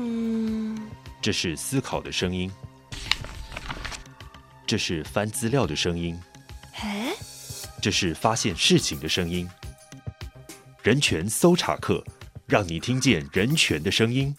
嗯，這是思考的聲音，這是翻資料的聲音，哎，這是發現事情的聲音。人權搜查課，讓你聽見人權的聲音。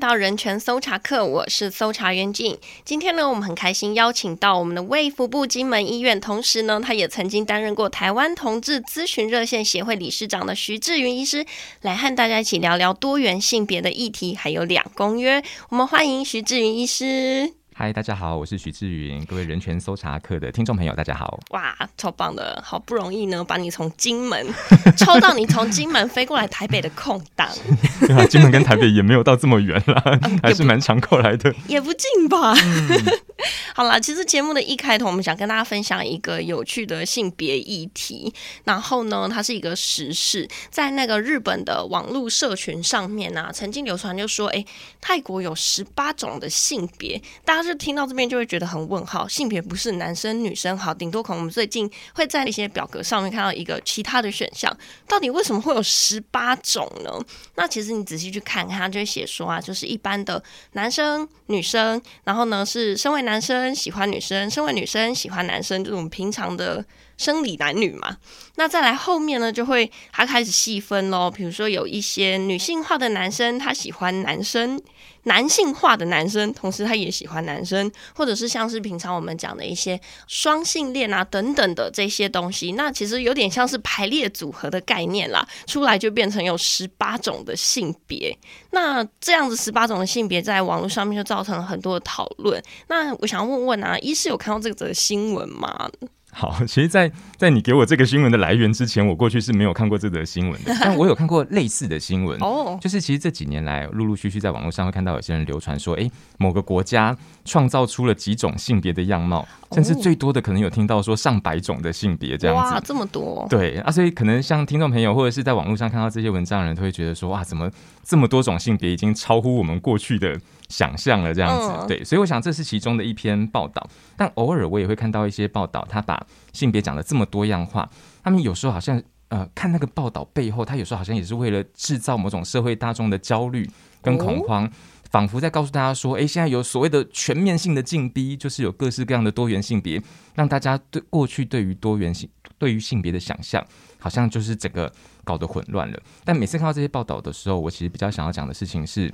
到人權搜查課，我是搜查員進。今天呢，我們很開心邀請到我們的衛福部金門醫院，同時呢，他也曾經擔任過台灣同志諮詢熱線協會理事長的徐志雲醫師，來和大家一起聊聊多元性別的議題，還有兩公約。我們歡迎徐志雲醫師。嗨，Hi, 大家好，我是徐志雲，各位人權搜查課的聽眾朋友，大家好！哇，超棒的，好不容易呢，把你從金門 抽到你從金門飛過來台北的空檔 。對啊，金門跟台北也沒有到這麼遠啦， 還是蠻長過來的，嗯、也不近吧？嗯、 好啦，其實節目的一開頭，我們想跟大家分享一個有趣的性別議題，然後呢，它是一個時事，在那個日本的網絡社群上面啊，曾經流傳就說，哎、欸，泰國有十八種的性別，大家就聽到這邊就會覺得很問號，性別不是男生女生？好，頂多可能我們最近會在一些表格上面看到一個其他的選項，到底為什麼會有十八種呢？那其實你仔細去看看，他就會寫說啊，就是一般的男生女生，然後呢是身為男生喜歡女生，身為女生喜歡男生這種、就是、我們平常的。生理男女嘛，那再來後面呢，就會他開始細分咯。比如說，有一些女性化的男生，他喜歡男生；男性化的男生，同時他也喜歡男生，或者是像是平常我們講的一些雙性戀啊等等的這些東西。那其實有點像是排列組合的概念啦，出來就變成有十八種的性別。那這樣子十八種的性別，在網絡上面就造成了很多的討論。那我想問問啊，醫師有看到這個則的新聞嗎？好，其實在，在在你給我這個新聞的來源之前，我過去是沒有看過這則新聞的。但我有看過類似的新聞哦， 就是其實這幾年來，陸陸續續在網絡上會看到有些人流傳說，誒，某個國家創造出了幾種性別的樣貌，甚至最多的可能有聽到說上百種的性別這樣子，哇，這麼多！對啊，所以可能像聽眾朋友或者是在網絡上看到這些文章的人，都會覺得說，哇，怎麼？這麼多種性別已經超乎我們過去的想象了，這樣子，對，所以我想這是其中的一篇報道。但偶爾我也會看到一些報道，他把性別講得這麼多樣化，他們有時候好像呃，看那個報道背後，他有時候好像也是為了製造某種社會大眾的焦慮跟恐慌。哦仿佛在告訴大家說，誒，現在有所謂的全面性的進逼，就是有各式各樣的多元性別，讓大家對過去對於多元性、對於性別的想象，好像就是整個搞得混亂了。但每次看到這些報道的時候，我其實比較想要講的事情是，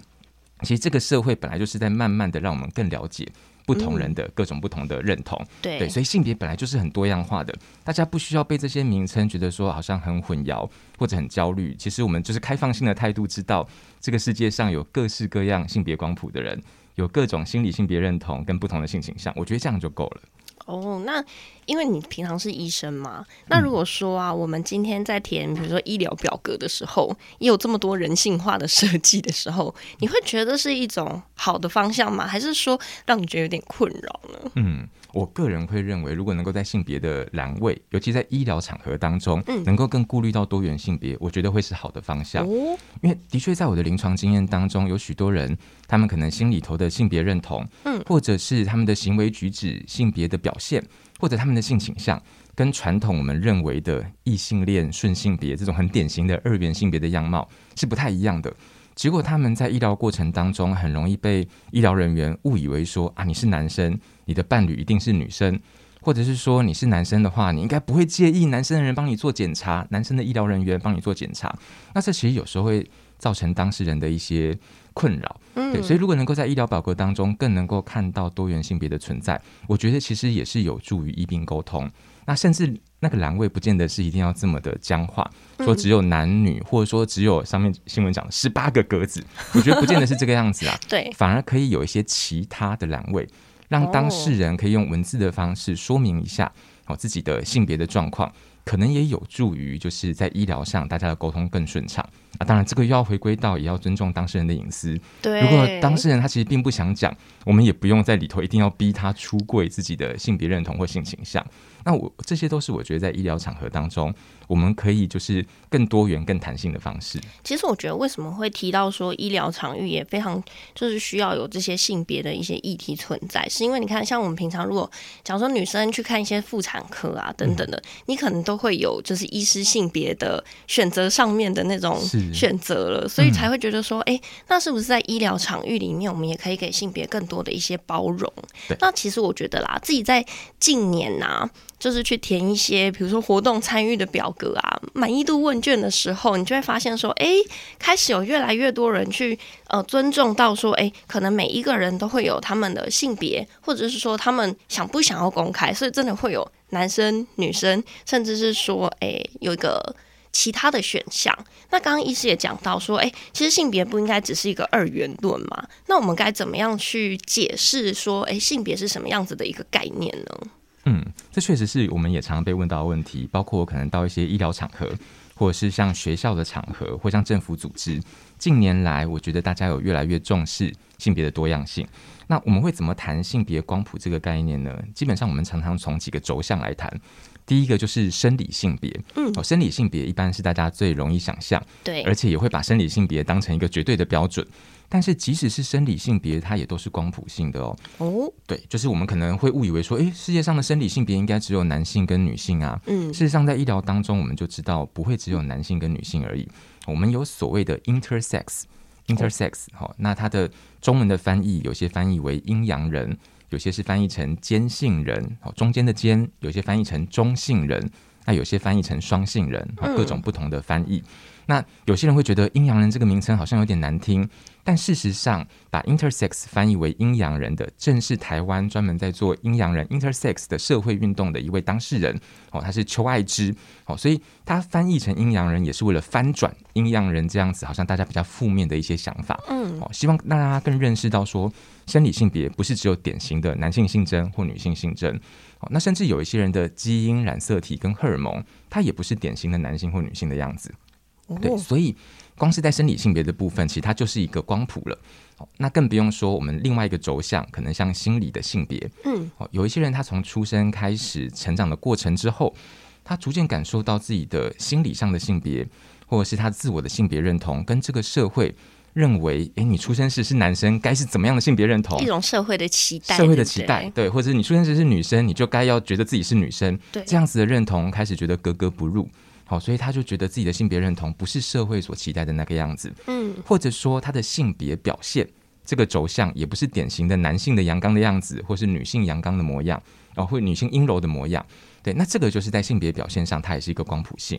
其實這個社會本來就是在慢慢的讓我們更了解。不同人的、嗯、各種不同的認同，對，對，所以性別本來就是很多樣化的，大家不需要被這些名稱覺得說好像很混淆或者很焦慮。其實我們就是開放性的態度，知道這個世界上有各式各樣性別光譜的人，有各種心理性別認同跟不同的性傾向，我覺得這樣就夠了。哦，那因為你平常是醫生嘛，那如果說啊，嗯、我們今天在填比如說醫療表格的時候，也有這麼多人性化的設計的時候，你會覺得是一種好的方向嗎？還是說讓你覺得有點困擾呢？嗯。我個人會認為，如果能夠在性別的欄位，尤其在醫療場合當中，能夠更顧慮到多元性別，我覺得會是好的方向。因為的確在我的臨床經驗當中，有許多人，他們可能心裡頭的性別認同，或者是他們的行為舉止、性別的表現，或者他們的性傾向，跟傳統我們認為的異性戀、順性別這種很典型的二元性別的樣貌是不太一樣的。結果他們在醫療過程當中很容易被醫療人員誤以為說啊，你是男生，你的伴侶一定是女生，或者是說你是男生的話，你應該不會介意男生的人幫你做檢查，男生的醫療人員幫你做檢查。那這其實有時候會造成當事人的一些困擾，對。所以如果能夠在醫療表格當中更能夠看到多元性別的存在，我覺得其實也是有助於醫病溝通。那甚至那個欄位不見得是一定要這麼的僵化，說只有男女，或者說只有上面新聞講的十八個格子，我覺得不見得是這個樣子啊。對，反而可以有一些其他的欄位，讓當事人可以用文字的方式說明一下哦自己的性別的狀況，可能也有助於就是在醫療上大家的溝通更順暢啊。當然，這個又要回歸到也要尊重當事人的隱私。對，如果當事人他其實並不想講，我們也不用在裡頭一定要逼他出櫃自己的性別認同或性傾向。那我這些都是我覺得在醫療場合當中，我們可以就是更多元、更彈性的方式。其實我覺得為什麼會提到說醫療場域也非常就是需要有這些性別的一些議題存在，是因為你看，像我們平常如果假如說女生去看一些婦產科啊等等的，嗯、你可能都會有就是醫師性別的選擇上面的那種選擇了，是所以才會覺得說，哎、嗯欸，那是不是在醫療場域裡面，我們也可以給性別更多的一些包容？對，那其實我覺得啦，自己在近年吶、啊。就是去填一些，比如說活動參與的表格啊，滿意度問卷的時候，你就會發現說，哎、欸，開始有越來越多人去，呃，尊重到說，哎、欸，可能每一個人都會有他們的性別，或者是說他們想不想要公開，所以真的會有男生、女生，甚至是說，哎、欸，有一個其他的選項。那剛剛醫師也講到說，哎、欸，其實性別不應該只是一個二元論嘛，那我們該怎麼樣去解釋說，哎、欸，性別是什麼樣子的一個概念呢？嗯，這確實是我們也常常被問到的問題，包括可能到一些醫療場合，或者是像學校的場合，或像政府組織。近年來，我覺得大家有越來越重視性別的多樣性。那我們會怎麼談性別光譜這個概念呢？基本上，我們常常從幾個軸向來談。第一個就是生理性別，嗯、哦，生理性別一般是大家最容易想象，對，而且也會把生理性別當成一個絕對的標準。但是即使是生理性別，它也都是光譜性的哦。哦，對，就是我們可能會誤以為說，誒、欸，世界上的生理性別應該只有男性跟女性啊。嗯，事實上在醫療當中，我們就知道不會只有男性跟女性而已。我們有所謂的 intersex，intersex 哈、哦哦，那它的中文的翻譯有些翻譯為陰陽人。有些是翻譯成間性人，中間的間；有些翻譯成中性人，那有些翻譯成雙性人，各種不同的翻譯。嗯那有些人會覺得“陰陽人”這個名稱好像有點難聽，但事實上，把 intersex 翻譯為“陰陽人”的，正是台灣專門在做陰陽人 intersex 的社會運動的一位當事人。哦，他是邱愛之。哦，所以他翻譯成“陰陽人”也是為了翻轉“陰陽人”這樣子，好像大家比較負面的一些想法。嗯，哦，希望大家更認識到說，生理性別不是只有典型的男性性徵或女性性徵。哦，那甚至有一些人的基因染色體跟荷爾蒙，它也不是典型的男性或女性的樣子。對，所以光是在生理性別的部分，其實它就是一個光譜了。那更不用說我們另外一個軸向，可能像心理的性別。嗯，哦，有一些人他從出生開始成長的過程之後，他逐漸感受到自己的心理上的性別，或者是他自我的性別認同，跟這個社會認為，哎，你出生時是男生，該是怎麼樣的性別認同？一種社會的期待，社會的期待，對、對、對，或者是你出生時是女生，你就該要覺得自己是女生，對，這樣子的認同開始覺得格格不入。好，所以他就覺得自己的性別認同不是社會所期待的那個樣子，嗯，或者說他的性別表現這個軸向也不是典型的男性的陽剛的樣子，或是女性陽剛的模樣，然後或女性陰柔的模樣，對，那這個就是在性別表現上，它也是一個光譜性。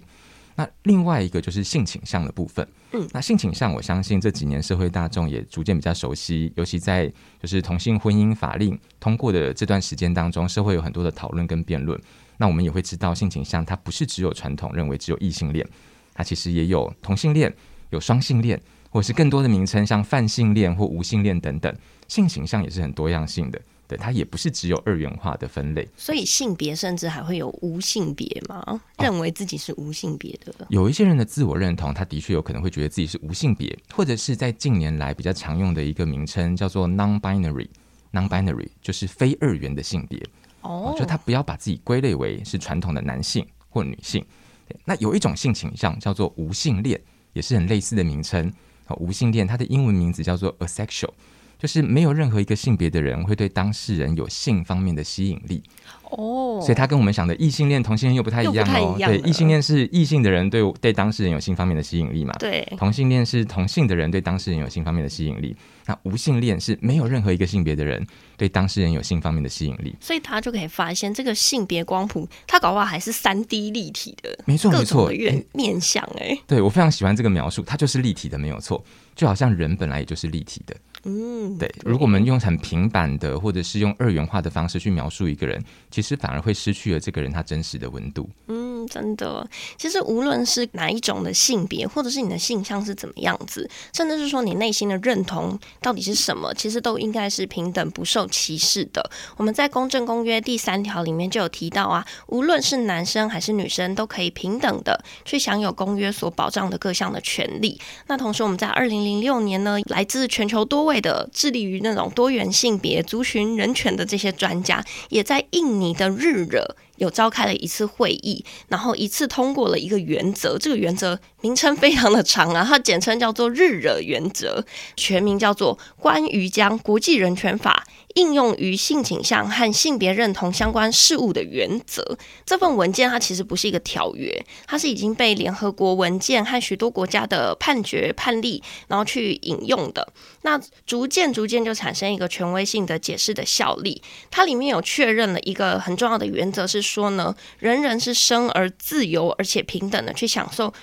那另外一個就是性傾向的部分，嗯，那性傾向，我相信這幾年社會大眾也逐漸比較熟悉，尤其在就是同性婚姻法令通過的這段時間當中，社會有很多的討論跟辯論。那我們也會知道，性傾向它不是只有傳統認為只有異性戀，它其實也有同性戀、有雙性戀，或者是更多的名稱，像泛性戀或無性戀等等。性傾向也是很多樣性的，對它也不是只有二元化的分類。所以，性別甚至還會有無性別嗎？認為自己是無性別的。哦，有一些人的自我認同，他的確有可能會覺得自己是無性別，或者是在近年來比較常用的一個名稱叫做 non-binary，non-binary 就是非二元的性別。我覺得他不要把自己歸類為是傳統的男性或女性。那有一種性傾向叫做無性戀，也是很類似的名稱。無性戀它的英文名字叫做 Asexual。就是沒有任何一個性別的人會對當事人有性方面的吸引力哦，oh, 所以他跟我們想的異性戀、同性戀又不太一樣哦。樣對，異性戀是異性的人對對當事人有性方面的吸引力嘛？對，同性戀是同性的人對當事人有性方面的吸引力。那無性戀是沒有任何一個性別的人對當事人有性方面的吸引力。所以他就可以發現，這個性別光譜他搞不好還是三 D 立體的，沒錯沒錯，欸、面向哎、欸，對，我非常喜歡這個描述，它就是立體的，沒有錯，就好像人本來也就是立體的。嗯，對。如果我們用很平板的，或者是用二元化的方式去描述一個人，其實反而會失去了這個人他真實的溫度。嗯，真的。其實無論是哪一種的性別，或者是你的性向是怎麼樣子，甚至是說你內心的認同到底是什麼，其實都應該是平等不受歧視的。我們在《公政公約》第三條裡面就有提到啊，無論是男生還是女生，都可以平等的去享有公約所保障的各項的權利。那同時，我們在二零零六年呢，來自全球多。為的致力於那種多元性別族群人權的這些專家，也在印尼的日惹有召開了一次會議，然後一次通過了一個原則。這個原則名稱非常的長啊，它簡稱叫做日惹原則，全名叫做關於將國際人權法。應用於性傾向和性別認同相關事務的原則，這份文件它其實不是一個條約，它是已經被聯合國文件和許多國家的判決判例，然後去引用的。那逐漸逐漸就產生一個權威性的解釋的效力。它裡面有確認了一個很重要的原則，是說呢，人人是生而自由而且平等的去享受。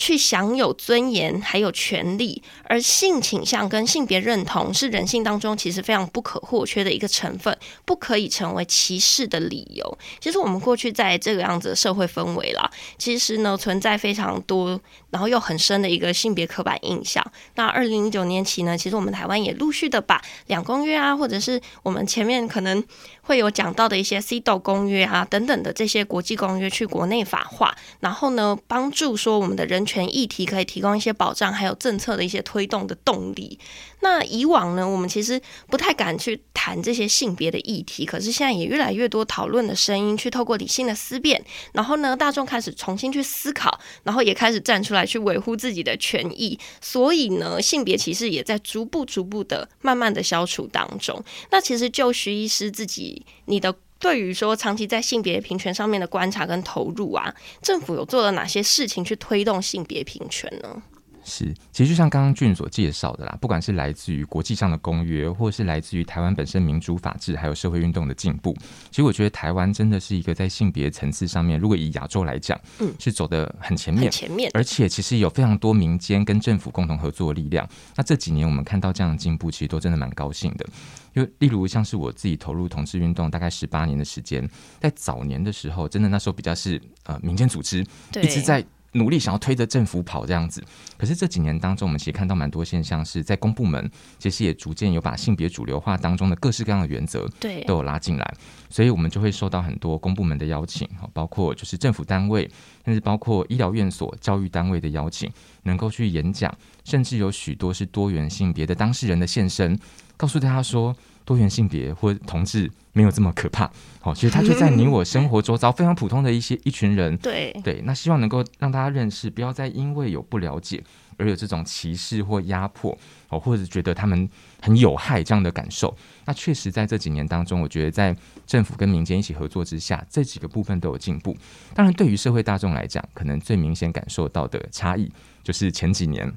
去享有尊嚴還有權利，而性傾向跟性別認同是人性當中其實非常不可或缺的一個成分，不可以成為歧視的理由。其實我們過去在這個樣子的社會氛圍啦，其實呢存在非常多。然後又很深的一個性別刻板印象。那二零一九年起呢，其實我們台灣也陸續的把兩公約啊，或者是我們前面可能會有講到的一些《CDO 公約》啊等等的這些國際公約去國內法化，然後呢，幫助說我們的人權議題可以提供一些保障，還有政策的一些推動的動力。那以往呢，我們其實不太敢去談這些性別的議題，可是現在也越來越多討論的聲音，去透過理性的思辨，然後呢，大眾開始重新去思考，然後也開始站出來。來去維護自己的權益，所以呢，性別歧視也在逐步、逐步的、慢慢的消除當中。那其實就徐醫師自己，你的對於說長期在性別平權上面的觀察跟投入啊，政府有做了哪些事情去推動性別平權呢？是，其實就像剛剛俊所介紹的啦，不管是來自於國際上的公約，或是來自於台灣本身民主法治，還有社會運動的進步，其實我覺得台灣真的是一個在性別層次上面，如果以亞洲來講，嗯，是走得很前面，很前面。而且其實有非常多民間跟政府共同合作的力量。那這幾年我們看到這樣的進步，其實都真的蠻高興的。因為例如像是我自己投入同志運動大概十八年的時間，在早年的時候，真的那時候比較是呃民間組織對一直在努力想要推着政府跑這樣子，可是這幾年當中，我們其實看到蠻多現象，是在公部門其實也逐漸有把性別主流化當中的各式各樣的原則，對，都有拉進來，所以我們就會受到很多公部門的邀請，包括就是政府單位，甚至包括醫療院所、教育單位的邀請，能夠去演講，甚至有許多是多元性別的當事人的現身，告訴大家說。多元性別或同志沒有這麼可怕，好、哦，其實他就在你我生活周遭非常普通的一些、嗯、一群人，對對，那希望能夠讓大家認識，不要再因為有不了解而有這種歧視或壓迫，好、哦，或者覺得他們很有害這樣的感受。那確實在這幾年當中，我覺得在政府跟民間一起合作之下，這幾個部分都有進步。當然，對於社會大眾來講，可能最明顯感受到的差異就是前幾年，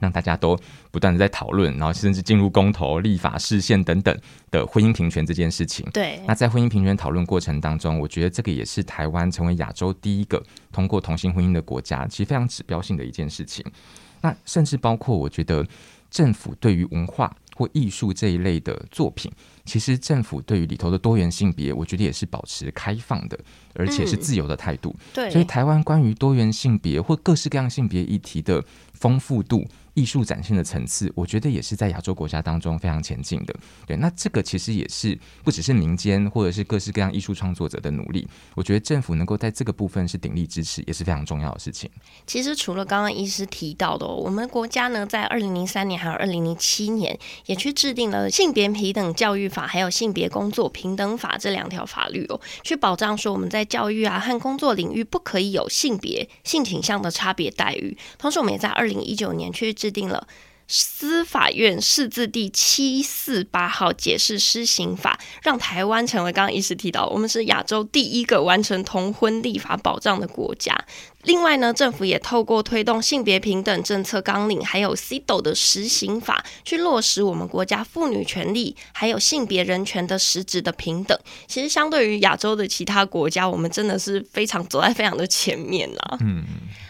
讓大家都不斷的在討論，然後甚至進入公投、立法、釋憲等等的婚姻平權這件事情。對，那在婚姻平權討論過程當中，我覺得這個也是台灣成為亞洲第一個通過同性婚姻的國家，其實非常指標性的一件事情。那甚至包括我覺得政府對於文化或藝術這一類的作品，其實政府對於裡頭的多元性別，我覺得也是保持開放的，而且是自由的態度。嗯，對，所以台灣關於多元性別或各式各樣性別議題的豐富度。藝術展現的層次，我覺得也是在亞洲國家當中非常前進的。對，那這個其實也是不只是民間或者是各式各樣藝術創作者的努力，我覺得政府能夠在這個部分是鼎力支持，也是非常重要的事情。其實除了剛剛醫師提到的，我們國家呢，在二零零三年還有二零零七年，也去制定了性別平等教育法，還有性別工作平等法這兩條法律哦、喔，去保障說我們在教育啊和工作領域不可以有性別性傾向的差別待遇。同時，我們也在二零一九年去制制定了司法院釋字第七四八號解釋施行法，讓臺灣成為剛剛醫師提到，我們是亞洲第一個完成同婚立法保障的國家。另外呢，政府也透過推動性別平等政策綱領，還有 CEDAW 的施行法，去落實我們國家婦女權利還有性別人權的實質的平等。其實相對於亞洲的其他國家，我們真的是非常走在非常的前面吶、啊。嗯，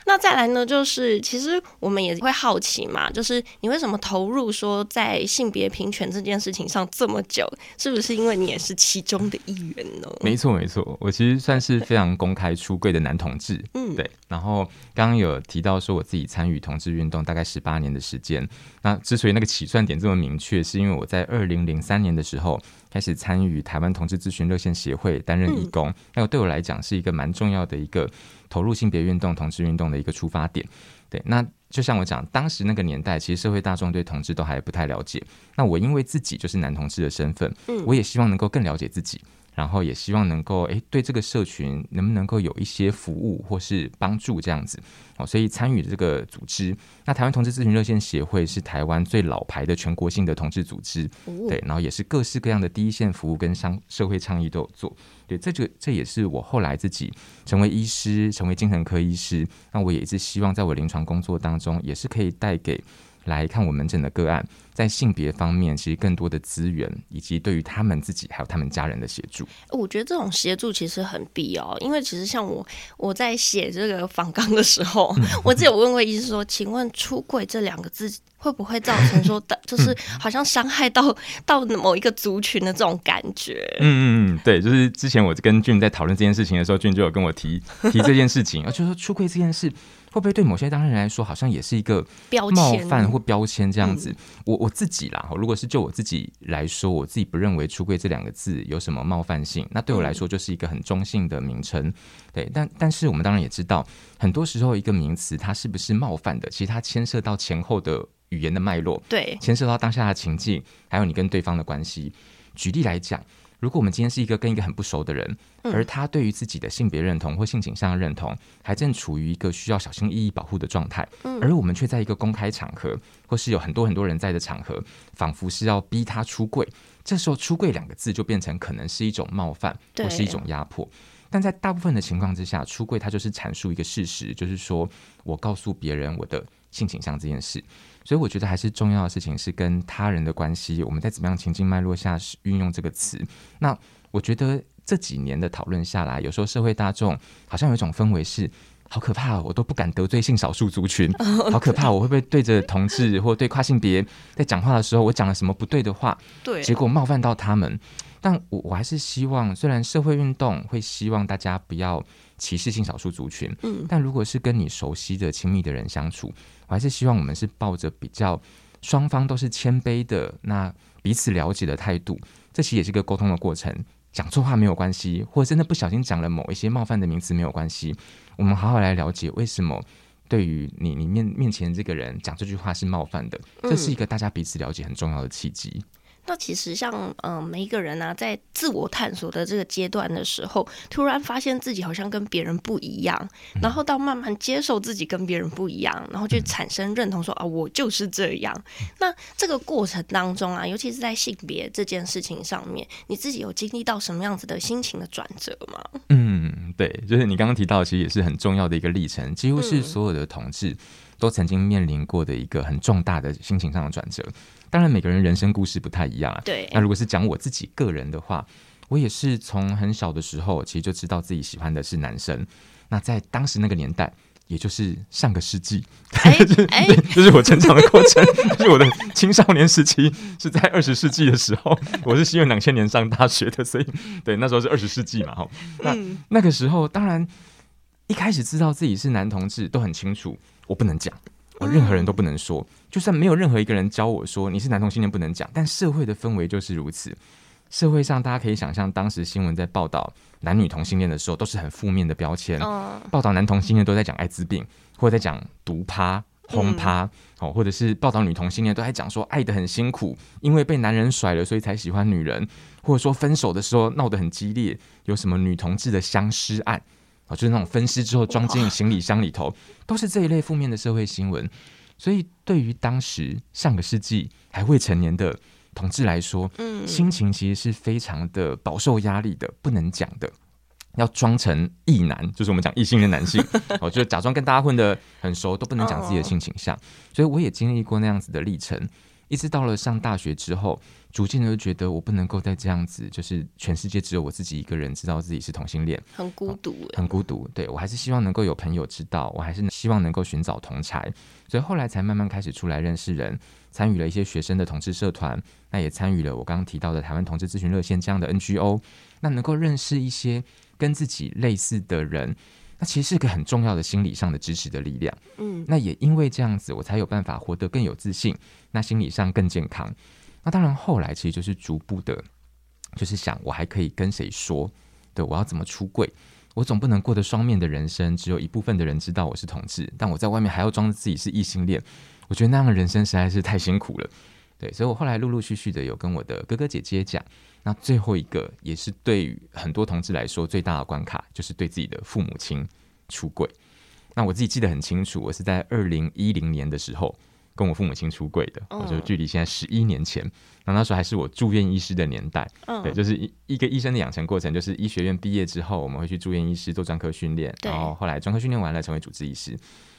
那再來呢，就是其實我們也會好奇嘛，就是你為什麼投入說在性別平權這件事情上這麼久？是不是因為你也是其中的一員呢？沒錯，沒錯，我其實算是非常公開出櫃的男同志。對嗯，對。然後剛剛有提到說我自己參與同志運動大概十八年的時間，那之所以那個起算點這麼明確，是因為我在二零零三年的時候開始參與台灣同志諮詢熱線協會擔任義工，那對我來講是一個蠻重要的一個投入性別運動、同志運動的一個出發點。對，那就像我講，當時那個年代其實社會大眾對同志都還不太了解，那我因為自己就是男同志的身份，我也希望能夠更了解自己。然後也希望能夠誒，對這個社群能不能夠有一些服務或是幫助這樣子哦，所以參與這個組織。那台灣同志諮詢熱線協會是台灣最老牌的全國性的同志組織，對，然後也是各式各樣的第一線服務跟商社會倡議都有做。對，這就這也是我後來自己成為醫師，成為精神科醫師，那我也一直希望在我臨床工作當中，也是可以帶給。來看我門診的個案，在性別方面，其實更多的資源，以及對於他們自己，還有他們家人的協助。我覺得這種協助其實很必要。因為其實像我，我在寫這個訪綱的時候， 我自己有問過醫生說，請問“出櫃”這兩個字會不會造成說，就是好像傷害到 到某一個族群的這種感覺？嗯嗯嗯，對，就是之前我跟俊在討論這件事情的時候，俊就有跟我提提這件事情，而且 說出櫃這件事。會不會對某些當事人來說，好像也是一個冒犯或標籤這樣子我？我我自己啦，如果是就我自己來說，我自己不認為“出櫃”這兩個字有什麼冒犯性，那對我來說就是一個很中性的名稱。對，但但是我們當然也知道，很多時候一個名詞它是不是冒犯的，其實它牽涉到前後的語言的脈絡，對，牽涉到當下的情境，還有你跟對方的關係。舉例來講。如果我們今天是一個跟一個很不熟的人，而他對於自己的性別認同或性傾向認同還正處於一個需要小心翼翼保護的狀態，而我們卻在一個公開場合或是有很多很多人在的場合，仿佛是要逼他出櫃，這時候“出櫃”兩個字就變成可能是一種冒犯或是一種壓迫。對但在大部分的情況之下，“出櫃”它就是闡述一個事實，就是說我告訴別人我的性傾向這件事。所以我覺得還是重要的事情是跟他人的關係，我們在怎麼樣情境脈絡下運用這個詞。那我覺得這幾年的討論下來，有時候社會大眾好像有一種氛圍是好可怕，我都不敢得罪性少數族群，好可怕，我會不會對着同志或對跨性別在講話的時候，我講了什麼不對的話，對，結果冒犯到他們。但我我還是希望，雖然社會運動會希望大家不要。歧視性少數族群，但如果是跟你熟悉的、親密的人相處，我還是希望我們是抱着比較雙方都是謙卑的那彼此了解的態度。這其實也是一個溝通的過程。講錯話沒有關係，或者真的不小心講了某一些冒犯的名詞沒有關係。我們好好來了解為什麼對於你你面面前這個人講這句話是冒犯的，這是一個大家彼此了解很重要的契機。那其實像嗯、呃，每一個人啊，在自我探索的這個階段的時候，突然發現自己好像跟別人不一樣，然後到慢慢接受自己跟別人不一樣，然後就產生認同說，說、嗯、啊，我就是這樣。那這個過程當中啊，尤其是在性別這件事情上面，你自己有經歷到什麼樣子的心情的轉折嗎？嗯，對，就是你剛剛提到，其實也是很重要的一個歷程，幾乎是所有的同志都曾經面臨過的一個很重大的心情上的轉折。當然，每個人人生故事不太一樣啊。對。那如果是講我自己個人的話，我也是從很小的時候，其實就知道自己喜歡的是男生。那在當時那個年代，也就是上個世紀，哎、欸欸，就是我成長的過程， 就是我的青少年時期，是在二十世紀的時候。我是西元兩千年上大學的，所以對那時候是二十世紀嘛。哦，那、嗯、那個時候，當然一開始知道自己是男同志，都很清楚，我不能講。哦、任何人都不能說，就算沒有任何一個人教我說你是男同性戀不能講，但社會的氛圍就是如此。社會上大家可以想象當時新聞在報道男女同性戀的時候，都是很負面的標籤。報道男同性戀都在講艾滋病或者在講毒趴、轟趴，哦，或者是報道女同性戀都在講說愛得很辛苦，因為被男人甩了，所以才喜歡女人，或者說分手的時候鬧得很激烈，有什麼女同志的相屍案。就是那種分屍之後裝進行李箱裡頭，哇都是這一類負面的社會新聞。所以，對於當時上個世紀還未成年的同志來說，嗯，心情其實是非常的飽受壓力的，不能講的，要裝成異男，就是我們講異性的男性，我 就假裝跟大家混得很熟，都不能講自己的性傾向。所以，我也經歷過那樣子的歷程。一直到了上大學之後，逐漸的就覺得我不能夠再這樣子，就是全世界只有我自己一個人知道自己是同性戀，哦，很孤獨，很孤獨。對，我還是希望能夠有朋友知道，我還是希望能夠尋找同儕。所以後來才慢慢開始出來認識人，參與了一些學生的同志社團，那也參與了我剛剛提到的台灣同志諮詢熱線這樣的 NGO，那能夠認識一些跟自己類似的人。那其實是個很重要的心理上的支持的力量。嗯，那也因為這樣子，我才有辦法活得更有自信，那心理上更健康。那當然，後來其實就是逐步的，就是想我還可以跟誰說？對，我要怎麼出櫃？我總不能過得雙面的人生，只有一部分的人知道我是同志，但我在外面還要裝自己是異性戀。我覺得那樣的人生實在是太辛苦了。對，所以我後來陸陸續續的有跟我的哥哥姐姐講，那最後一個也是對於很多同志來說最大的關卡，就是對自己的父母親出櫃。那我自己記得很清楚，我是在二零一零年的時候跟我父母親出櫃的，我就距離現在十一年前，然後、oh. 那時候還是我住院醫師的年代，oh. 對，就是一一個醫生的養成過程，就是醫學院畢業之後，我們會去住院醫師做專科訓練，對然後後來專科訓練完了成為主治醫師。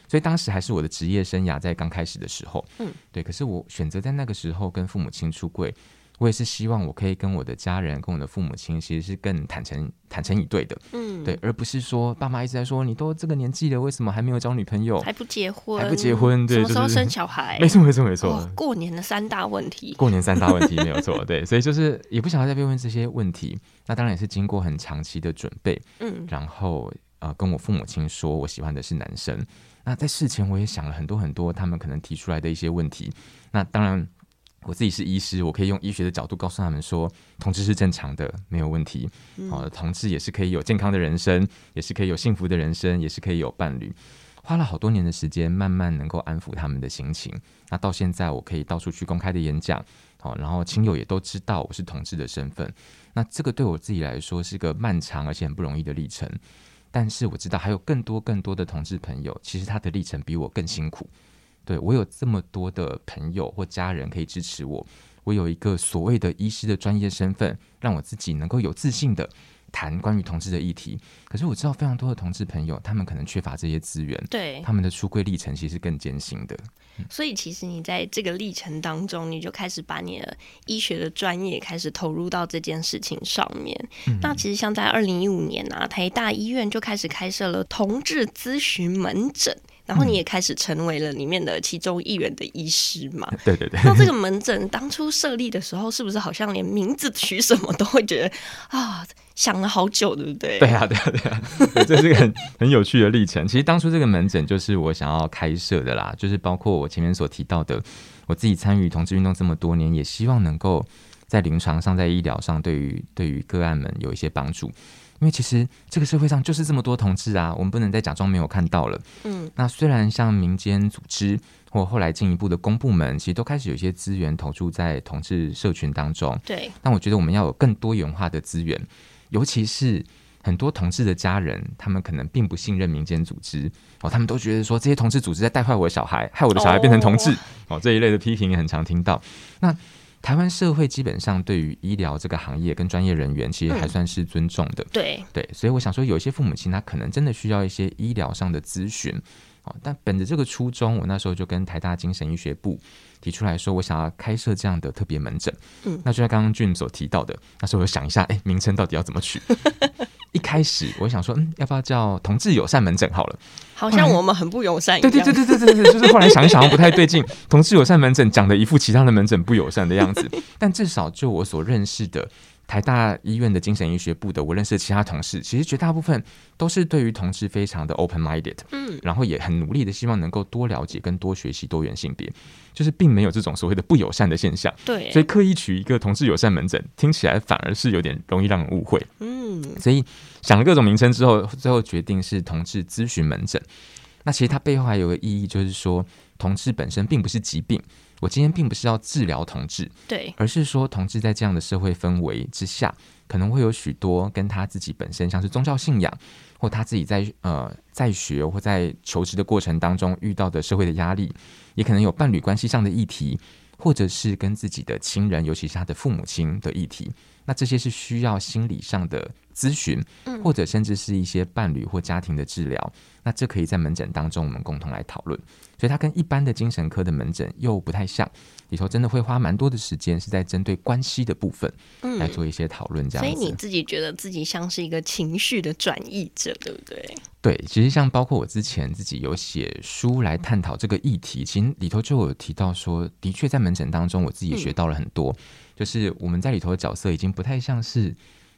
所以當時還是我的職業生涯在剛開始的時候，嗯，對。可是我選擇在那個時候跟父母親出櫃，我也是希望我可以跟我的家人、跟我的父母親，其實是更坦誠、坦誠以對的，嗯，對，而不是說爸媽一直在說你都這個年紀了，為什麼還沒有找女朋友，還不結婚，還不結婚，對，什麼時候生小孩？沒錯，沒錯，沒錯，過年的三大問題，過年三大問題沒有錯，對。 所以就是也不想要再被問這些問題。那當然也是經過很長期的準備，嗯，然後。啊、呃，跟我父母親說，我喜歡的是男生。那在事前，我也想了很多很多，他們可能提出來的一些問題。那當然，我自己是醫師，我可以用醫學的角度告訴他們說，同志是正常的，沒有問題。好、哦，同志也是可以有健康的人生，也是可以有幸福的人生，也是可以有伴侶。花了好多年的時間，慢慢能夠安撫他們的心情。那到現在，我可以到處去公開的演講，好、哦，然後親友也都知道我是同志的身份。那這個對我自己來說，是個漫長而且很不容易的歷程。但是我知道還有更多更多的同志朋友，其實他的歷程比我更辛苦。對，我有這麼多的朋友或家人可以支持我，我有一個所謂的醫師的專業身份，讓我自己能夠有自信的。談關於同志的議題，可是我知道非常多的同志朋友，他們可能缺乏這些資源，對，他們的出櫃歷程其實更艱辛的。所以，其實你在這個歷程當中，你就開始把你的醫學的專業開始投入到這件事情上面。嗯哼。那其實像在二零一五年呐、啊，台大醫院就開始開設了同志諮詢門診。然後你也開始成為了裡面的其中一員的醫師嘛？嗯、對對對。那這個門診當初設立的時候，是不是好像連名字取什麼都會覺得啊想了好久，對不對？對啊對啊對啊，這是個很 很有趣的歷程。其實當初這個門診就是我想要開設的啦，就是包括我前面所提到的，我自己參與同志運動這麼多年，也希望能夠在臨床上、在醫療上，對於對於個案們有一些幫助。因為其實這個社會上就是這麼多同志啊，我們不能再假裝沒有看到了。嗯，那雖然像民間組織或後來進一步的公部門，其實都開始有一些資源投注在同志社群當中。對，但我覺得我們要有更多元化的資源，尤其是很多同志的家人，他們可能並不信任民間組織哦，他們都覺得說，這些同志組織在帶壞我的小孩，害我的小孩變成同志哦。哦，這一類的批評也很常聽到。那台灣社會基本上對於醫療這個行業跟專業人員，其實還算是尊重的。嗯、對對，所以我想說，有一些父母親他可能真的需要一些醫療上的諮詢。但本着這個初衷，我那時候就跟台大精神醫學部提出來說，我想要開設這樣的特別門診。嗯、那就像剛剛俊所提到的，那時候我想一下，哎、欸，名稱到底要怎麼取？ 一開始我想說，嗯，要不要叫同志友善門診好了？好像我們很不友善一樣，對對對對對對對，就是後來想一想，不太對勁。 同志友善門診講的一副其他的門診不友善的樣子，但至少就我所認識的。台大醫院的精神醫學部的，我認識其他同事，其實絕大部分都是對於同志非常的 open minded，嗯，然後也很努力的希望能夠多了解跟多學習多元性別，就是並沒有這種所謂的不友善的現象，對耶，所以刻意取一個同志友善門診，聽起來反而是有點容易讓人誤會，嗯，所以想了各種名稱之後，最後決定是同志諮詢門診。那其實它背後還有個意義，就是說同志本身並不是疾病。我今天並不是要治療同志，對，而是說同志在這樣的社會氛圍之下，可能會有許多跟他自己本身像是宗教信仰，或他自己在，呃，在學或在求職的過程當中遇到的社會的壓力，也可能有伴侶關係上的議題，或者是跟自己的親人，尤其是他的父母親的議題。那這些是需要心理上的諮詢，嗯、或者甚至是一些伴侶或家庭的治療。那這可以在門診當中我們共同來討論。所以它跟一般的精神科的門診又不太像，裡頭真的會花蠻多的時間是在針對關係的部分來做一些討論。這樣、嗯，所以你自己覺得自己像是一個情緒的轉譯者，對不對？對，其實像包括我之前自己有寫書來探討這個議題，其實裡頭就有提到說，的確在門診當中我自己學到了很多。嗯就是我們在裡頭的角色已經不太像是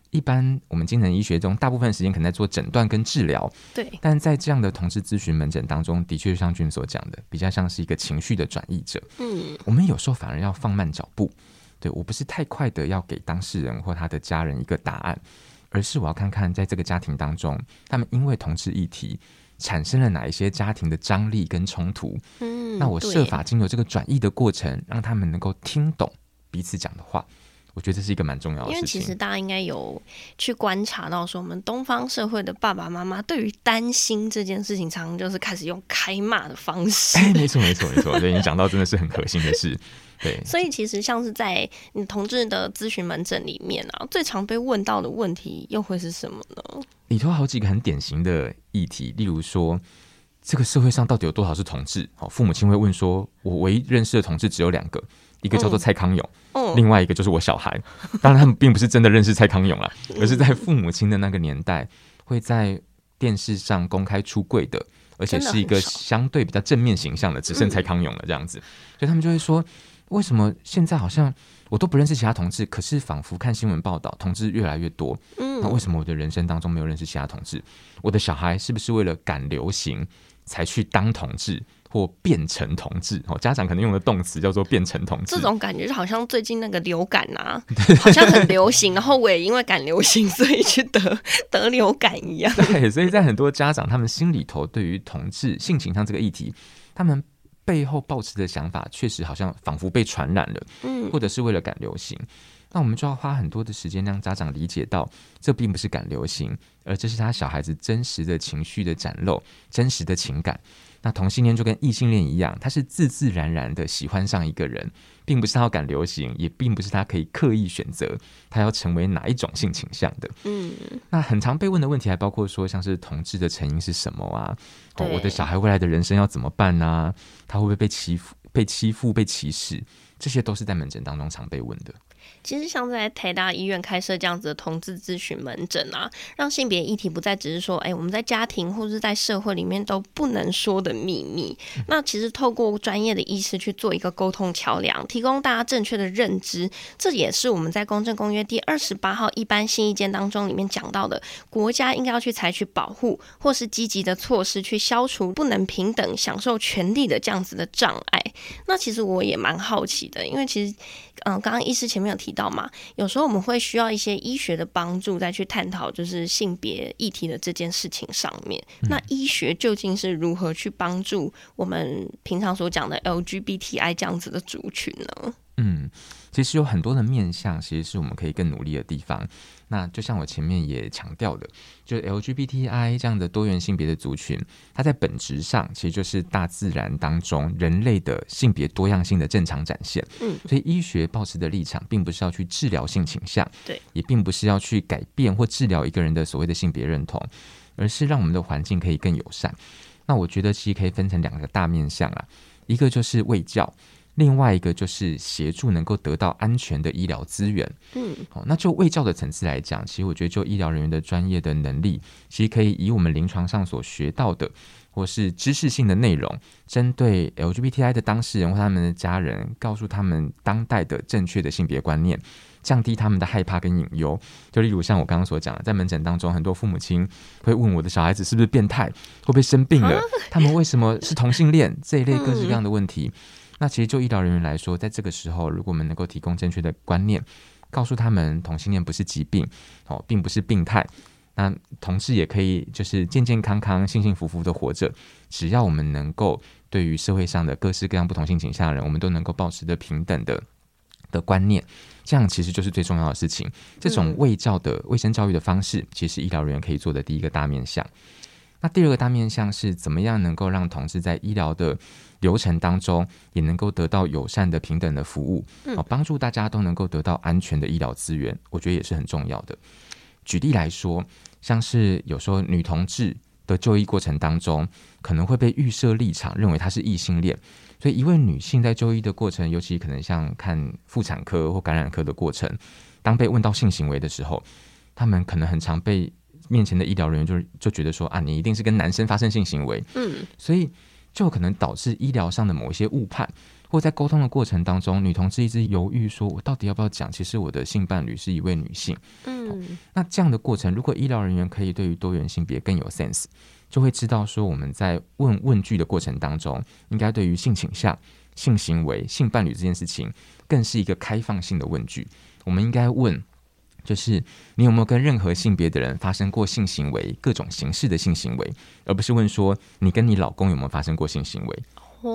一般我們精神醫學中大部分時間可能在做診斷跟治療，對，但在這樣的同志諮詢門診當中，的確像君所講的，比較像是一個情緒的轉譯者。嗯，我們有時候反而要放慢腳步。對，我不是太快的要給當事人或他的家人一個答案，而是我要看看在這個家庭當中，他們因為同志議題產生了哪一些家庭的張力跟衝突。嗯，那我設法經由這個轉譯的過程，讓他們能夠聽懂。彼此講的話，我覺得這是一個蠻重要的事情。因為其實大家應該有去觀察到，說我們東方社會的爸爸媽媽對於擔心這件事情常常就是開始用開罵的方式。哎、欸，沒錯，沒錯，沒錯。對，你講到真的是很核心的事。 對。所以其實像是在你同志的諮詢門診裡面啊，最常被問到的問題又會是什麼呢？裡頭好幾個很典型的議題，例如說，這個社會上到底有多少是同志？好，父母親會問說：“我唯一認識的同志只有兩個。”一個叫做蔡康永，嗯嗯、另外一個就是我小孩。當然，他們並不是真的認識蔡康永了， 而是在父母親的那個年代，會在電視上公開出櫃的，而且是一個相對比較正面形象的，只剩蔡康永了這樣子。所以他們就會說：為什麼現在好像我都不認識其他同志，可是仿佛看新聞報道，同志越來越多。那為什麼我的人生當中沒有認識其他同志？我的小孩是不是為了趕流行才去當同志？或變成同志哦，家長可能用的動詞叫做變成同志。這種感覺就好像最近那個流感啊， 好像很流行，然後我也因為趕流行，所以去得得流感一樣。對，所以在很多家長他們心裡頭，對於同志性傾向這個議題，他們背後抱持的想法，確實好像仿佛被傳染了，嗯，或者是為了趕流行。那我們就要花很多的時間，讓家長理解到，這並不是趕流行，而這是他小孩子真實的情緒的展露，真實的情感。那同性戀就跟異性戀一樣，他是自自然然的喜歡上一個人，並不是他要趕流行，也並不是他可以刻意選擇他要成為哪一種性傾向的。嗯，那很常被問的問題還包括說，像是同志的成因是什麼啊？對哦，我的小孩未來的人生要怎麼辦呢、啊？他會不會被欺負、被欺負、被歧視？這些都是在門診當中常被問的。其實，像在台大醫院開設這樣子的同志諮詢門診啊，讓性別議題不再只是說，哎，我們在家庭或是在社會裡面都不能說的秘密。那其實透過專業的醫師去做一個溝通橋樑，提供大家正確的認知，這也是我們在《公政公約》第二十八號一般性意見當中裡面講到的，國家應該要去採取保護或是積極的措施，去消除不能平等享受權利的這樣子的障礙。那其實我也蠻好奇的，因為其實。嗯，剛剛醫師前面有提到嘛，有時候我們會需要一些醫學的幫助，再去探討就是性別議題的這件事情上面。嗯，那醫學究竟是如何去幫助我們平常所講的 LGBTI 這樣子的族群呢？嗯，其實有很多的面向，其實是我們可以更努力的地方。那就像我前面也強調的，就 LGBTI 這樣的多元性別的族群，它在本質上其實就是大自然當中人類的性別多樣性的正常展現。嗯，所以醫學抱持的立場，並不是要去治療性傾向，對，也並不是要去改變或治療一個人的所謂的性別認同，而是讓我們的環境可以更友善。那我覺得其實可以分成兩個大面向啊，一個就是衛教。另外一個就是協助能夠得到安全的醫療資源。嗯，好，那就衛教的層次來講，其實我覺得就醫療人員的專業的能力，其實可以以我們臨床上所學到的或是知識性的內容，針對 LGBTI 的當事人或他們的家人，告訴他們當代的正確的性別觀念，降低他們的害怕跟隱憂。就例如像我剛剛所講的，在門診當中，很多父母親會問我的小孩子是不是變態，會不會生病了？啊、他們為什麼是同性戀？嗯、這一類各式各樣的問題。那其實就醫療人員來說，在這個時候，如果我們能夠提供正確的觀念，告訴他們同性戀不是疾病，哦，並不是病態，那同志也可以就是健健康康、幸幸福福的活着。只要我們能夠對於社會上的各式各樣不同性傾向的人，我們都能夠保持着平等的的觀念，這樣其實就是最重要的事情。這種衛教的衛生教育的方式，其實醫療人員可以做的第一個大面向。那第二個大面向是怎麼樣能夠讓同志在醫療的流程當中也能夠得到友善的平等的服務，嗯，幫助大家都能夠得到安全的醫療資源，我覺得也是很重要的。舉例來說，像是有時候女同志的就醫過程當中，可能會被預設立場認為她是異性戀，所以一位女性在就醫的過程，尤其可能像看婦產科或感染科的過程，當被問到性行為的時候，她們可能很常被。面前的醫療人員就是就覺得說啊，你一定是跟男生發生性行為，嗯，所以就可能導致醫療上的某一些誤判，或在溝通的過程當中，女同志一直猶豫說，我到底要不要講？其實我的性伴侶是一位女性，嗯，那這樣的過程，如果醫療人員可以對於多元性別更有 sense，就會知道說，我們在問問句的過程當中，應該對於性傾向、性行為、性伴侶這件事情，更是一個開放性的問句，我們應該問。就是你有沒有跟任何性別的人發生過性行為，各種形式的性行為，而不是問說你跟你老公有沒有發生過性行為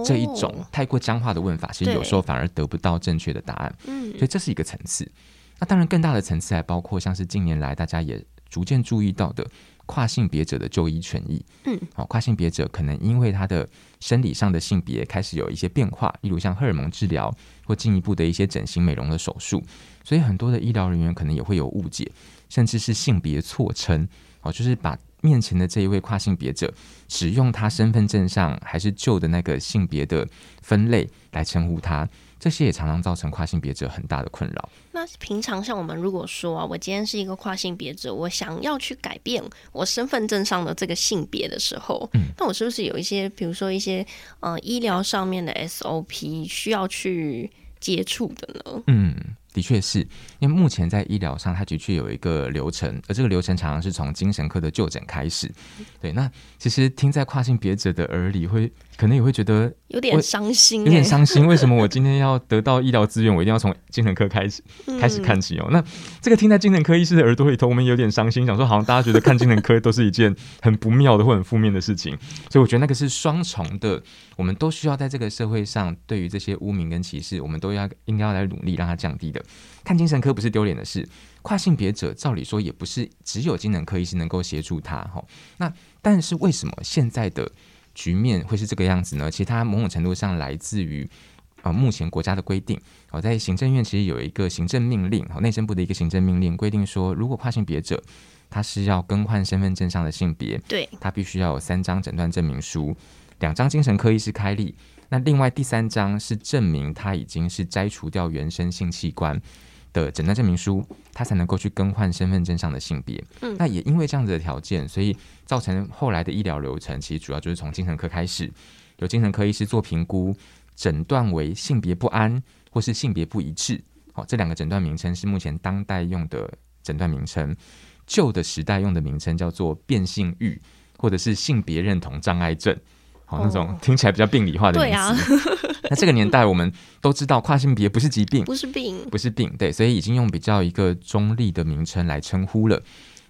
這一種太過僵化的問法，其實有時候反而得不到正確的答案。所以這是一個層次。那當然，更大的層次還包括像是近年來大家也逐漸注意到的。跨性別者的就醫權益，嗯，哦，跨性別者可能因為他的生理上的性別開始有一些變化，例如像荷爾蒙治療或進一步的一些整形美容的手術，所以很多的醫療人員可能也會有誤解，甚至是性別錯稱，哦，就是把面前的這一位跨性別者使用他身份證上還是舊的那個性別的分類來稱呼他。這些也常常造成跨性別者很大的困擾。那平常像我們如果說啊，我今天是一個跨性別者，我想要去改變我身份證上的這個性別的時候，嗯，那我是不是有一些，比如說一些呃醫療上面的 SOP 需要去接觸的呢？嗯，的確是。因為目前在醫療上，它的確有一個流程，而這個流程常常是從精神科的就診開始。對，那其實聽在跨性別者的耳裡會，會可能也會覺得有點傷心、欸，有點傷心。為什麼我今天要得到醫療資源？ 我一定要從精神科開始開始看起哦？那這個聽在精神科醫師的耳朵裡頭，我們有點傷心，想說，好像大家覺得看精神科都是一件很不妙的或很負面的事情。 所以，我覺得那個是雙重的，我們都需要在這個社會上，對於這些污名跟歧視，我們都要應該要來努力讓它降低的。看精神科不是丟臉的事，跨性別者照理說也不是只有精神科醫師能夠協助他哈。那但是為什麼現在的局面會是這個樣子呢？其實它某種程度上來自於呃，目前國家的規定。我在行政院其實有一個行政命令，內政部的一個行政命令規定說，如果跨性別者他是要更換身份證上的性別，對，他必須要有三張診斷證明書，兩張精神科醫師開立，那另外第三張是證明他已經是摘除掉原生性器官的診斷證明書，他才能夠去更換身份證上的性別。嗯，那也因為這樣子的條件，所以造成後來的醫療流程，其實主要就是從精神科開始，由精神科醫師做評估，診斷為性別不安或是性別不一致。好，哦，這兩個診斷名稱是目前當代用的診斷名稱，舊的時代用的名稱叫做變性欲，或者是性別認同障礙症。好、哦，那種聽起來比較病理化的名詞。對啊，那這個年代，我們都知道跨性別不是疾病，不是病，不是病。對，所以已經用比較一個中立的名稱來稱呼了。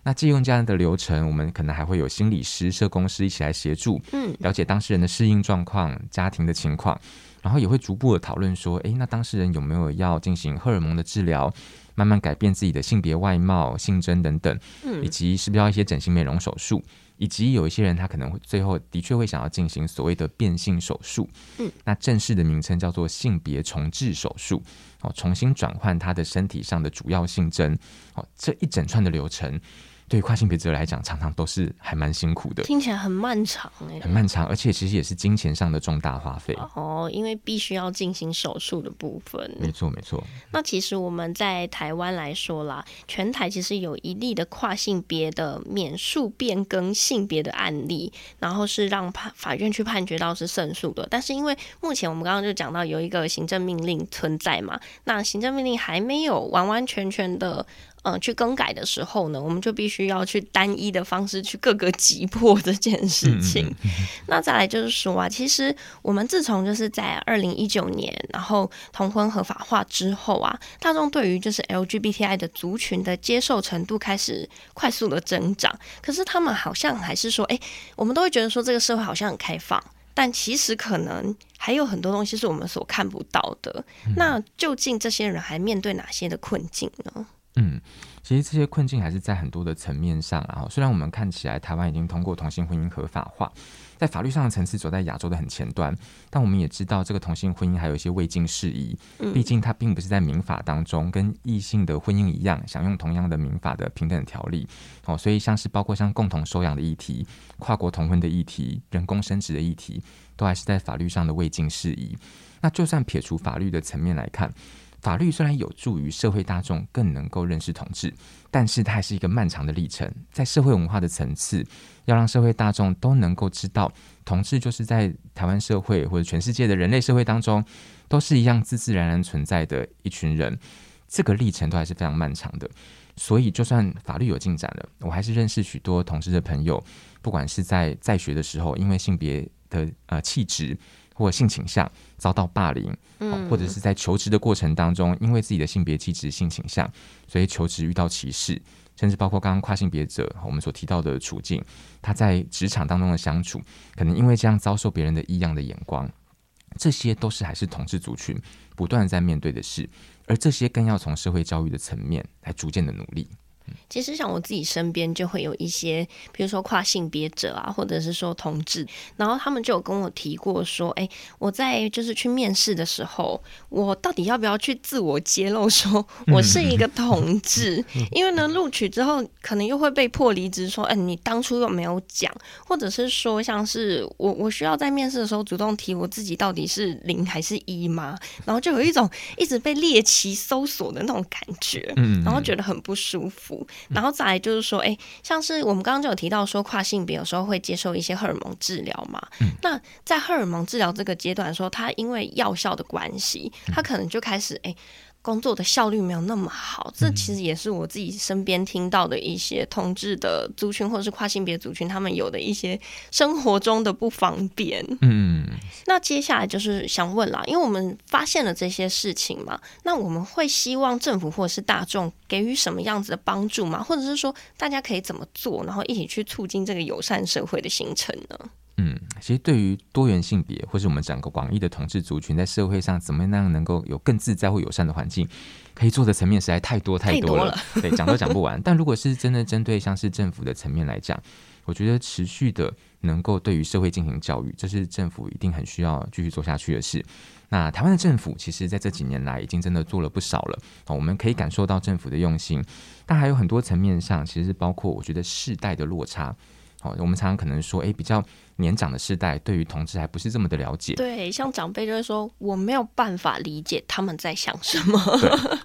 那借用這樣的流程，我們可能還會有心理師、社工師一起來協助，嗯，了解當事人的適應狀況、家庭的情況，嗯、然後也會逐步的討論說，誒，那當事人有沒有要進行荷爾蒙的治療，慢慢改變自己的性別外貌、性徵等等，嗯，以及是不是要一些整形美容手術。以及有一些人，他可能會最後的確會想要進行所謂的變性手術，嗯，那正式的名稱叫做性別重置手術，哦，重新轉換他的身體上的主要性徵，哦，這一整串的流程，對跨性別者來講，常常都是還蠻辛苦的，聽起來很漫長誒，很漫長，而且其實也是金錢上的重大花費哦，因為必須要進行手術的部分。沒錯，沒錯。那其實我們在台灣來說啦，全台其實有一例的跨性別的免術變更性別的案例，然後是讓判法院去判決到是勝訴的。但是因為目前我們剛剛就講到有一個行政命令存在嘛，那行政命令還沒有完完全全的。嗯、呃，去更改的時候呢，我們就必須要去單一的方式去各個擊破這件事情。嗯、那再來就是說啊，其實我們自從就是在二零一九年，然後同婚合法化之後啊，大眾對於就是 LGBTI 的族群的接受程度開始快速的增長。可是他們好像還是說，哎、欸，我們都會覺得說這個社會好像很開放，但其實可能還有很多東西是我們所看不到的。嗯、那究竟這些人還面對哪些的困境呢？嗯，其實這些困境還是在很多的層面上啊。雖然我們看起來台灣已經通過同性婚姻合法化，在法律上的層次走在亞洲的很前端，但我們也知道這個同性婚姻還有一些未盡事宜。畢竟它並不是在民法當中跟異性的婚姻一樣，享用同樣的民法的平等的條例。哦，所以像是包括像共同收養的議題、跨國同婚的議題、人工生殖的議題，都還是在法律上的未盡事宜。那就算撇除法律的層面來看。法律雖然有助於社會大眾更能夠認識同志，但是它還是一個漫長的歷程。在社會文化的層次，要讓社會大眾都能夠知道，同志就是在台灣社會或者全世界的人類社會當中，都是一樣自自然然存在的一群人，這個歷程都還是非常漫長的。所以，就算法律有進展了，我還是認識許多同志的朋友，不管是在在學的時候，因為性別的呃氣質。或者性傾向遭到霸凌，或者是在求職的過程當中，因為自己的性別氣質、性傾向，所以求職遇到歧視，甚至包括剛剛跨性別者我們所提到的處境，他在職場當中的相處，可能因為這樣遭受別人的異樣的眼光，這些都是還是同志族群不斷在面對的事，而這些更要從社會教育的層面來逐漸的努力。其實像我自己身邊就會有一些，比如說跨性別者啊，或者是說同志，然後他們就有跟我提過說：“哎，我在就是去面試的時候，我到底要不要去自我揭露，說我是一個同志？嗯、因為呢，錄取之後可能又會被迫離職，說：‘哎，你當初又沒有講，或者是說像是我，我需要在面試的時候主動提我自己到底是零還是一嗎？’然後就有一種一直被獵奇搜索的那種感覺，然後覺得很不舒服。”嗯、然後再來就是說，哎，像是我們剛剛就有提到說，跨性別有時候會接受一些荷爾蒙治療嘛。嗯、那在荷爾蒙治療這個階段的時候，說他因為藥效的關係，他可能就開始哎。嗯誒工作的效率沒有那麼好，這其實也是我自己身邊聽到的一些同志的族群或者是跨性別族群，他們有的一些生活中的不方便。嗯，那接下來就是想問啦，因為我們發現了這些事情嘛，那我們會希望政府或者是大眾給予什麼樣子的幫助嗎？或者是說大家可以怎麼做，然後一起去促進這個友善社會的形成呢？嗯，其實對於多元性別，或是我們整個廣義的同志族群，在社會上怎麼樣能夠有更自在或友善的環境，可以做的層面實在太多太多了，多了 對，講都講不完。但如果是真的針對像是政府的層面來講，我覺得持續的能夠對於社會進行教育，這是政府一定很需要繼續做下去的事。那台灣的政府其實在這幾年來已經真的做了不少了，我們可以感受到政府的用心，但還有很多層面上，其實包括我覺得世代的落差。好，我們常常可能說，哎，比較年長的世代對於同志還不是這麼的了解。對，像長輩就會說，我沒有辦法理解他們在想什麼，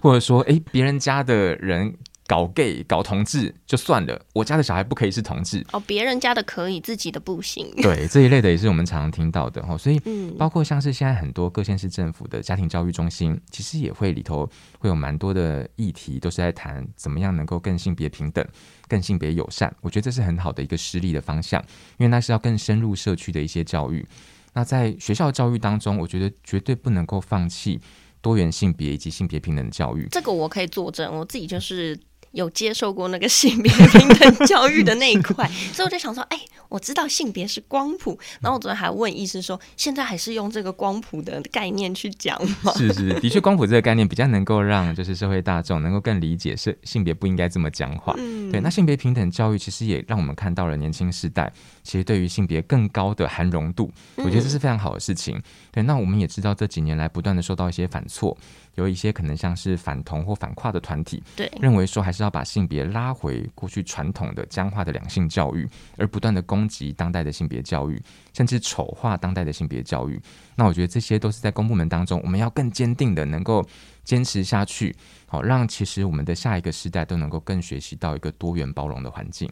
或者說，哎，別人家的人。搞 gay 搞同志就算了，我家的小孩不可以是同志哦，別人家的可以，自己的不行。 對，這一類的也是我們常常聽到的哈，所以包括像是現在很多各縣市政府的家庭教育中心，嗯、其實也會裡頭會有蠻多的議題，都是在談怎麼樣能夠更性別平等、更性別友善。我覺得這是很好的一個施力的方向，因為那是要更深入社區的一些教育。那在學校的教育當中，我覺得絕對不能夠放棄多元性別以及性別平等的教育。這個我可以作證，我自己就是。嗯有接受過那個性別平等教育的那一塊， 是所以我就想說，哎、欸，我知道性別是光譜。然後我昨天還問醫師，說，現在還是用這個光譜的概念去講嗎？是是，的確，光譜這個概念比較能夠讓就是社會大眾能夠更理解，是性別不應該這麼講話。嗯、對，那性別平等教育其實也讓我們看到了年輕世代其實對於性別更高的含容度，我覺得這是非常好的事情。嗯、對，那我們也知道這幾年來不斷的受到一些反挫。有一些可能像是反同或反跨的團體，對，認為說還是要把性別拉回過去傳統的僵化的兩性教育，而不斷的攻擊當代的性別教育，甚至醜化當代的性別教育。那我覺得這些都是在公部門當中，我們要更堅定的能夠堅持下去，好讓其實我們的下一個世代都能夠更學習到一個多元包容的環境。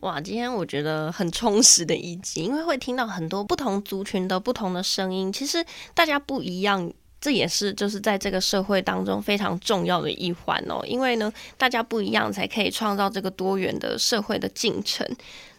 哇，今天我覺得很充實的一集，因為會聽到很多不同族群的不同的聲音，其實大家不一樣。這也是就是在這個社會當中非常重要的一環哦，因為呢，大家不一樣，才可以創造這個多元的社會的進程。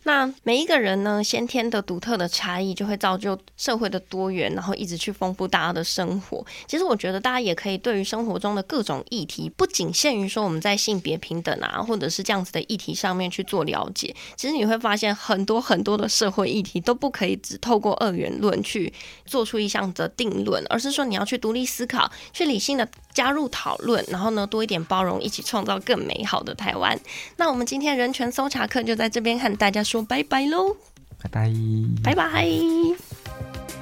那每一個人呢，先天的獨特的差異就會造就社會的多元，然後一直去豐富大家的生活。其實我覺得大家也可以對於生活中的各種議題，不僅限於說我們在性別平等啊，或者是這樣子的議題上面去做了解。其實你會發現很多很多的社會議題都不可以只透過二元論去做出一項的定論，而是說你要去獨立思考，去理性的。加入討論，然後呢，多一點包容，一起創造更美好的台灣。那我們今天人權搜查課就在這邊，和大家說拜拜嘍！拜拜，拜拜。